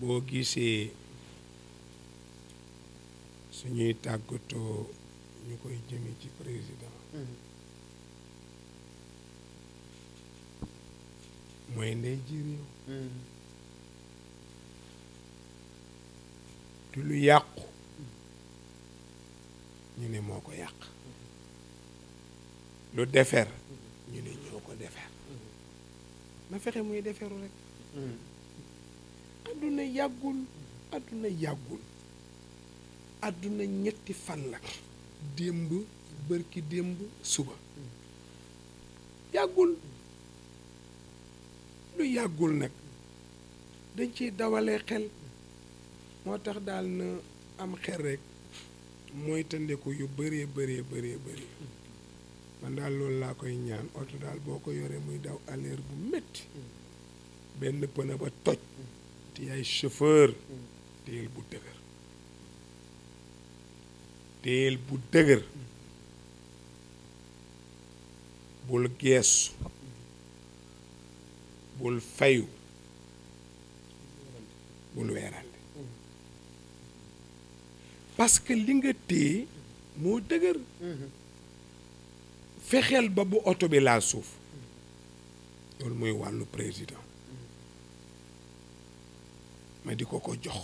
boo gisee suñuy tàggatoo ñu koy jëme ci président mooy ndey ji réew lu yàqu ñu ne moo ko yàq lu defer ñu ne ñoo ko defer mm-hmm. na fexe muy deferu rek mm-hmm. àdduna yàggul àdduna yàggul àdduna ñetti fan la démb bërki démb suba yàggul lu yàggul nag dañ ci dawale xel moo tax daal na am xel rek mooy yu bëree bëree bëree bëri man daal loolu laa koy ñaan oto daal boo ko yoree muy daw alerte bu métti benn pëna ba toj te yaay chauffeur téyel bu dëgër téyel bu dëgër bul geesu bul fayu bul weerante parce que li nga téye moo dëgër fexeel ba bu oto bi laa suuf loolu mooy wàllu président di ko ko jox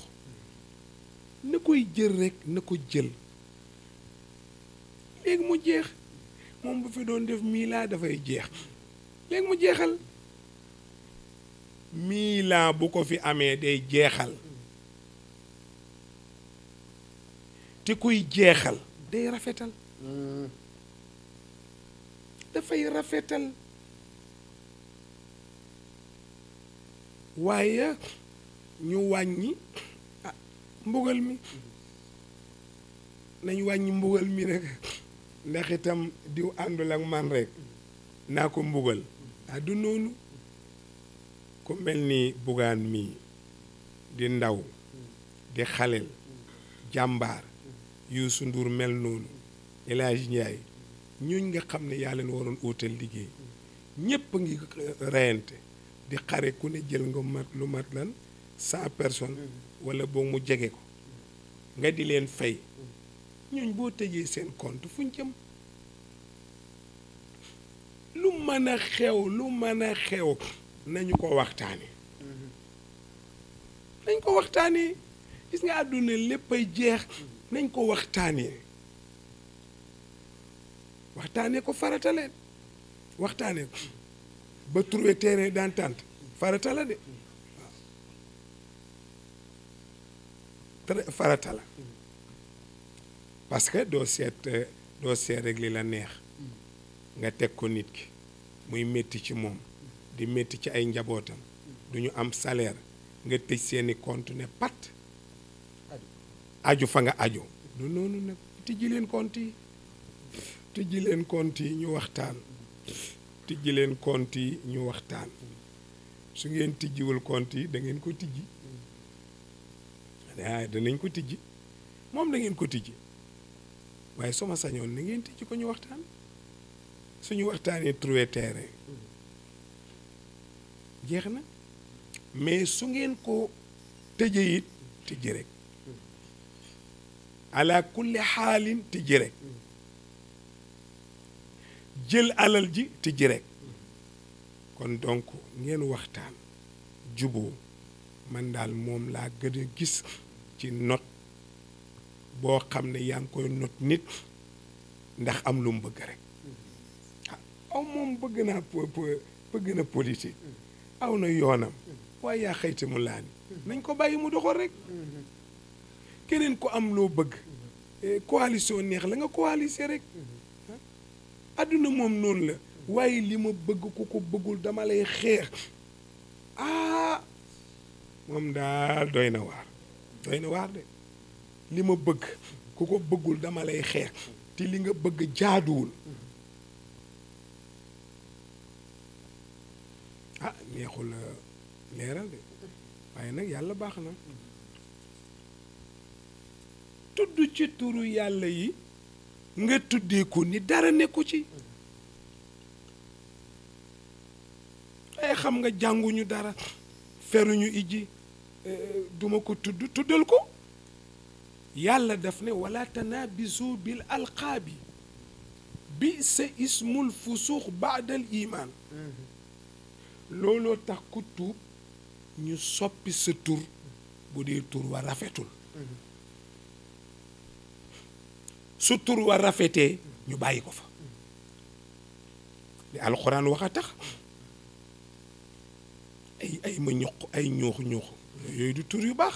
na koy jël rek na ko jël léegi mu jeex moom bu fi doon def miilaa dafay jeex léegi mu jeexal miilaa bu ko fi amee day jeexal te kuy jeexal day rafetal dafay rafetal waaye ñu wàññi ah mbugal mi nañ wàññi mbugal mi rek ndax itam diw àndul ak man rek naa ko mbugal ah du noonu ku mel ni bugaan mii di ndaw di xalel jàmbaar Youssou Ndour mel noonu El Hadj ñuñ nga xam ne yaa leen waroon óotal liggéey ñépp a ngi eh, reyante di xare ku ne jël nga mat lu mat lan cent personnes wala boo mu jege ko nga di leen fay ñooñ boo tëjee seen compte fuñ jëm lu mën a xew lu mën a xew nañu ko waxtaane nañ ko waxtaanee gis nga àdduna lépp ay jeex nañ ko waxtaanee waxtaanee ko farata leen waxtaanee ko ba trouver terrain d'entente farata la de farata la que doo seet doo seet rek la neex nga teg ko nit ki muy métti ci moom di métti ci ay njabootam du ñu am salaire nga tëj seeni compte ne pat aju fa nga aju du noonu nag leen compte yi tijji leen compte yi ñu waxtaan tijji leen compte yi ñu waxtaan su ngeen tijjiwul compte yi da ngeen ko tijji ah danañ ko tijji moom da ngeen ko tijji waaye su ma sañoon na ngeen tijji ko ñu waxtaan suñu waxtaanee trouver terrain jeex na mais su ngeen ko tëjee it tijji rek ala kulli xaalin tijji rek jël alal ji tijji rek kon donc ngeen waxtaan juboo man daal moom laa gën a gis ci not boo xam ne yaa ngi koy not nit ndax am lu mu bëgg rek aw moom bëgg naa bëgg na politique aw na yoonam waaye yaa xayti mu laa ni nañ ko bàyyi mu doxal rek keneen ku am loo bëgg e, coalition neex la nga coaliser rek àdduna moom noonu la waaye li ma bëgg ku ko bëggul dama lay xeex moom daal doy na waar doy na waar de li ma bëgg ku ko bëggul dama lay xeex te li nga bëgg jaaduwul ah neexul euh, leeral de waaye nag yàlla baax na tudd ci turu yàlla yi nga tuddee ko ni dara nekku ci waaye xam nga jànguñu dara feruñu ijji Euh, duma ko tudd tuddal ko yàlla daf ne wala tanaabisu bil alqaabi bi sa ismul fusuux baadal imaan looloo tax ku ñu soppi sa tur rafetul su wa rafetee ñu bàyyi ko fa li alxuraan wax a tax ay ma ñuq ay ñuux ñuux yooyu du tur yu baax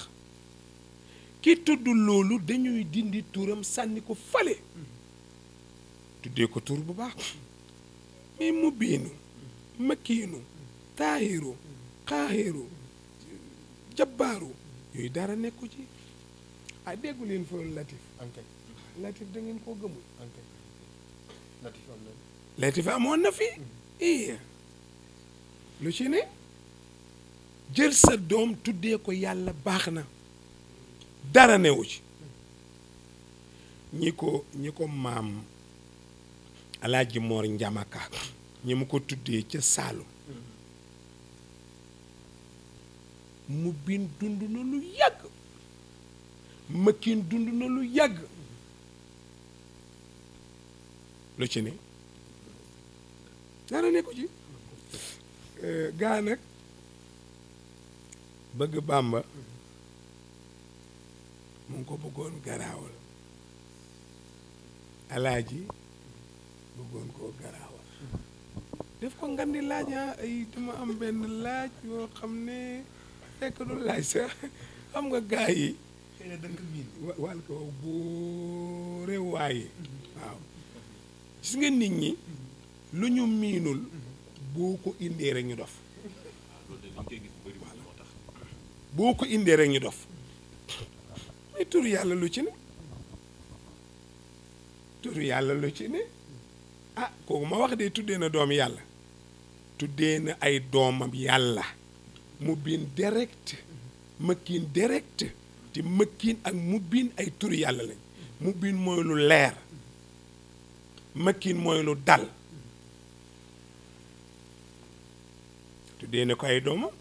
ki tudd loolu dañuy dindi turam sànni ko fale tuddee ko tur bu baax mais mu biinu makiinu taahiru xaahiru jabbaaru dara nekku ci ah déggu leen fa latif latif da ngeen koo gëmul latif amoon na fi mm-hmm. eh, lu ci ne jël sa doom tuddee ko yàlla baax na dara newu ci ñi ko ñi ko maam alaaji moor njamaka ñi mu ko tuddee ca saalum mu bin dund na lu yàgg mëkkin dund na lu yàgg lu ci ne dara nekku ci eh, gaa nag bëgg Bàmba mu ngi ko bëggoon garaawal alaaji bëggoon koo garaawal def ko ngandi laaj ah ay dama am benn laaj yoo xam ne fekk du laaj sax xam nga gaa yi xëy na dënk miin wàll ko nga nit ñi lu ñu miinul boo ko indee rek ñu dof boo ko indee rek ñu dof mais turu yàlla lu ci ne turu yàlla lu ci ne ah kooku ma wax de tuddee na doom yàlla tuddee na ay doomam yàlla mu biin direct mëkkiin direct te mëkkiin ak mu biin ay turu yàlla lañ mu biin mooy lu leer mëkkiin mooy lu dal tuddee na ko ay doomam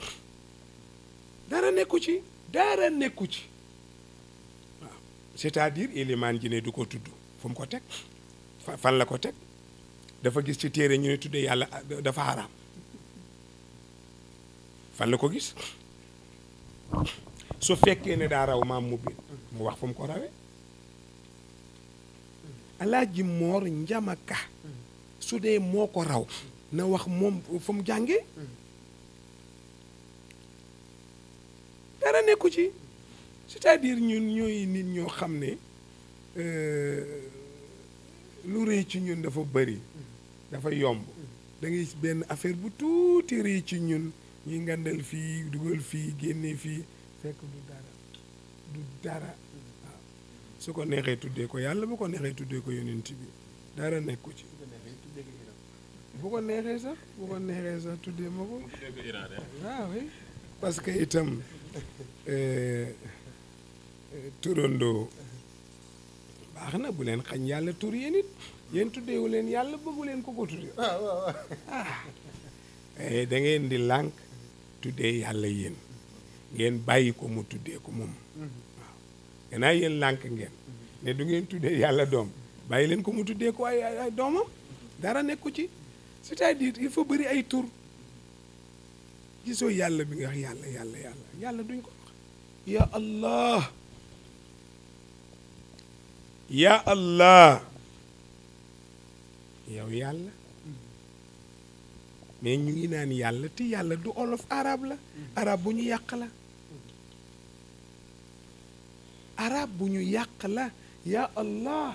dara nekku ci dara nekku ci waaw c'est-à-dire ilimaan ji ne du ko tudd fu mu ko teg fan la ko teg dafa gis ci téere ñu ne tuddee yàlla dafa xaraam fan la ko gis su fekkee ne daa raw maam mu bi mu wax fu mu ko rawee alaaji moor njamaka su dee moo ko raw na wax moom fu mu jàngee dara nekku ci cest à ñun ñooy nit ñoo xam ne euh, lu rëy ci ñun dafa bari dafa yomb dangay ngay benn affaire bu tuuti rëy ci ñun ñuy ngandal fii dugal fii génne fii fekk du dara du dara waaw su ko neexee tuddee ko yàlla bu ko neexee tuddee ko yonent bi dara nekku ci bu ko neexee sax bu ko neexee sax tuddee ma ko waaw eh? ah que itam Euh, euh, turandoo baax na bu leen xañ yàlla tur yéen it yéen tuddeewu leen yàlla bëggu leen ko ko tuddee ah, ah. Eh, da ngeen di lànk tuddee yàlla yéen ngeen bàyyi ko mu tuddee ko moom waaw gannaaw yéen lànk ngeen ne du ngeen tuddee yàlla doom bàyyi leen ko mu tuddee ko ay doomam dara nekku ci c'est-à-dire il faut bëri ay tur gisoo yàlla bi nga wax yàlla yàlla yàlla yàlla duñ ko wax ya allah ya yow yàlla mais ñu ngi naan yàlla te yàlla du olof arab la arab bu ñu yàq la arab bu ñu yàq la ya allah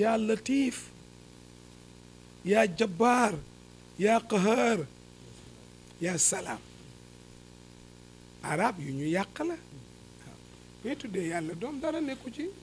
yàlla latif ya jabbaar ya ya salaam arab yu ñu yàq la waaw mais tuddee yàlla doom dara nekku ci